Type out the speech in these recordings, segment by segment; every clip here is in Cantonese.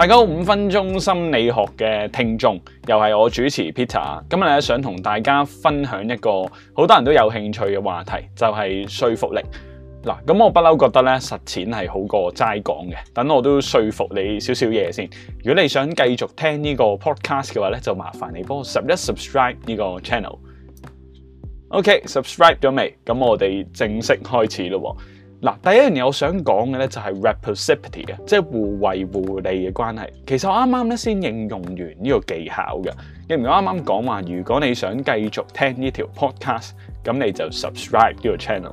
大家好，五分鐘心理學嘅聽眾，又係我主持 Peter。今日咧想同大家分享一個好多人都有興趣嘅話題，就係說服力。嗱，咁我不嬲覺得咧實踐係好過齋講嘅。等我都說服你少少嘢先。如果你想繼續聽呢個 podcast 嘅話咧，就麻煩你幫我十一 subscribe 呢個 channel。OK，subscribe 咗未？咁我哋正式開始咯。嗱，第一樣嘢我想講嘅咧就係 reciprocity 啊，即係互惠互利嘅關係。其實我啱啱咧先應用完呢個技巧嘅，因為啱啱講話，如果你想繼續聽呢條 podcast，咁你就 subscribe 呢個 channel。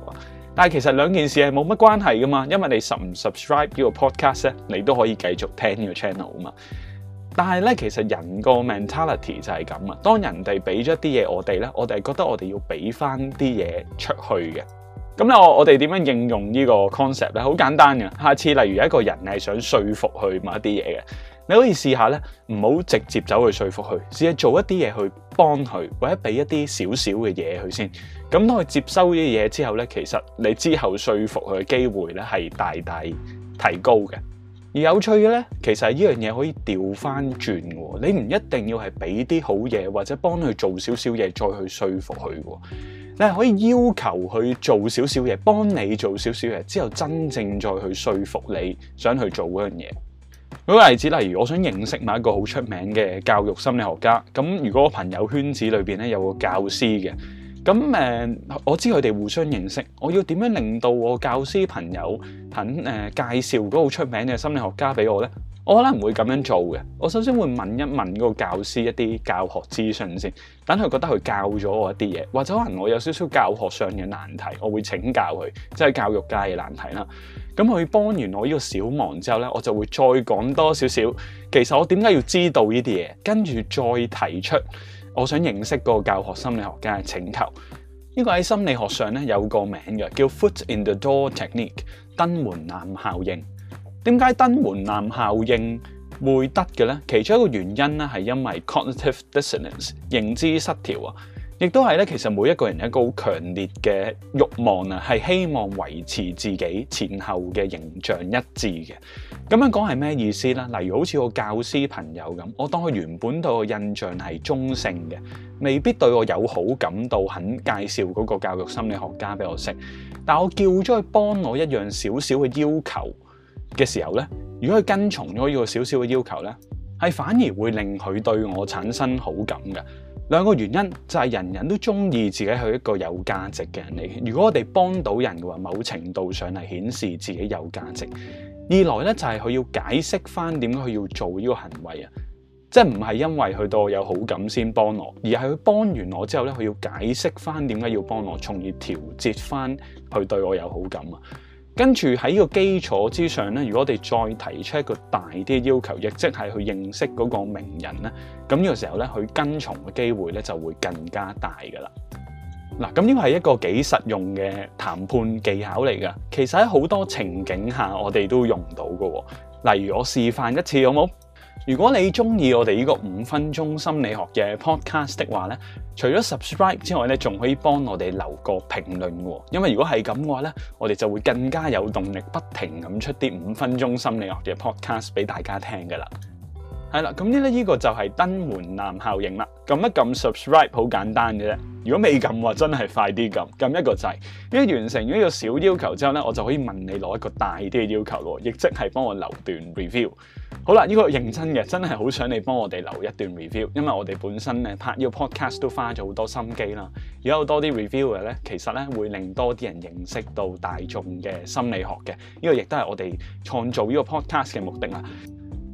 但係其實兩件事係冇乜關係噶嘛，因為你唔 subscribe 呢個 podcast 咧，你都可以繼續聽呢個 channel 啊嘛。但係咧，其實人個 mentality 就係咁啊，當人哋俾咗啲嘢我哋咧，我哋係覺得我哋要俾翻啲嘢出去嘅。咁咧，我我哋點樣應用這個呢個 concept 咧？好簡單嘅。下次例如一個人係想說服佢某一啲嘢嘅，你可以試一下咧，唔好直接走去說服佢，試下做一啲嘢去幫佢，或者俾一啲少少嘅嘢佢先。咁當佢接收呢啲嘢之後咧，其實你之後說服佢嘅機會咧係大大提高嘅。而有趣嘅咧，其實呢樣嘢可以調翻轉，你唔一定要係俾啲好嘢或者幫佢做少少嘢再去說服佢。你可以要求佢做少少嘢，幫你做少少嘢，之後真正再去說服你想去做嗰樣嘢。舉個例子，例如我想認識某一個好出名嘅教育心理學家，咁如果我朋友圈子裏邊咧有個教師嘅，咁誒我知佢哋互相認識，我要點樣令到我教師朋友肯誒介紹嗰個出名嘅心理學家俾我咧？我可能唔會咁樣做嘅，我首先會問一問個教師一啲教學資訊先，等佢覺得佢教咗我一啲嘢，或者可能我有少少教學上嘅難題，我會請教佢，即係教育界嘅難題啦。咁佢幫完我呢個小忙之後咧，我就會再講多少少，其實我點解要知道呢啲嘢，跟住再提出我想認識個教學心理學家嘅請求。呢個喺心理學上咧有個名嘅，叫 foot-in-the-door technique，登門檻效應。點解登門檻效應會得嘅咧？其中一個原因咧，係因為 cognitive dissonance 認知失調啊，亦都係咧。其實每一個人一個好強烈嘅慾望啊，係希望維持自己前後嘅形象一致嘅。咁樣講係咩意思咧？例如好似我教師朋友咁，我當佢原本對我的印象係中性嘅，未必對我有好感到肯介紹嗰個教育心理學家俾我識，但我叫咗佢幫我一樣少少嘅要求。嘅時候咧，如果佢跟從咗呢個少少嘅要求咧，係反而會令佢對我產生好感㗎。兩個原因就係、是、人人都中意自己係一個有價值嘅人嚟嘅。如果我哋幫到人嘅話，某程度上係顯示自己有價值。二來咧就係佢要解釋翻點解佢要做呢個行為啊，即係唔係因為佢對我有好感先幫我，而係佢幫完我之後咧，佢要解釋翻點解要幫我，從而調節翻佢對我有好感啊。跟住喺呢個基礎之上咧，如果我哋再提出一個大啲要求，亦即係去認識嗰個名人咧，咁呢個時候咧，佢跟從嘅機會咧就會更加大噶啦。嗱，咁、這、呢個係一個幾實用嘅談判技巧嚟噶，其實喺好多情景下我哋都用到噶、哦。例如我示範一次，好冇？如果你中意我哋呢個五分鐘心理學嘅 podcast 嘅話呢，除咗 subscribe 之外呢，仲可以幫我哋留個評論，因為如果係咁嘅話呢，我哋就會更加有動力，不停咁出啲五分鐘心理學嘅 podcast 俾大家聽噶啦。係啦，咁呢咧呢個就係登門檻效應啦。撳一撳 subscribe 好簡單嘅啫。如果未撳話，真係快啲撳，撳一個掣。呢，完成咗呢個小要求之後呢，我就可以問你攞一個大啲嘅要求咯，亦即係幫我留一段 review。好啦，呢、呢個是認真嘅，真係好想你幫我哋留一段 review，因為我哋本身咧拍呢個 podcast 都花咗好多心機啦。而家有多啲 reviewer 咧，其實咧會令多啲人認識到大眾嘅心理學嘅。呢、呢個亦都係我哋創造呢個 podcast 嘅目的啦。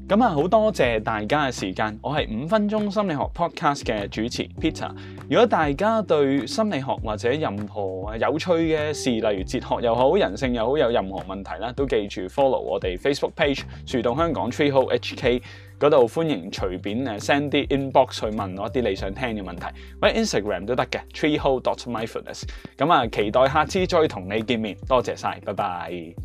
咁啊，好多謝大家嘅時間，我係五分鐘心理學 podcast 嘅主持 Peter。如果大家對心理學或者任何有趣嘅事，例如哲學又好、人性又好，有任何問題啦，都記住 follow 我哋 Facebook page 樹洞香港 Tree Hole HK 嗰度，歡迎隨便誒 send 啲 inbox 去問我一啲你想聽嘅問題，或者 Instagram 都得嘅 Tree Hole dot mindfulness。咁啊，期待下次再同你見面，多謝晒，拜拜。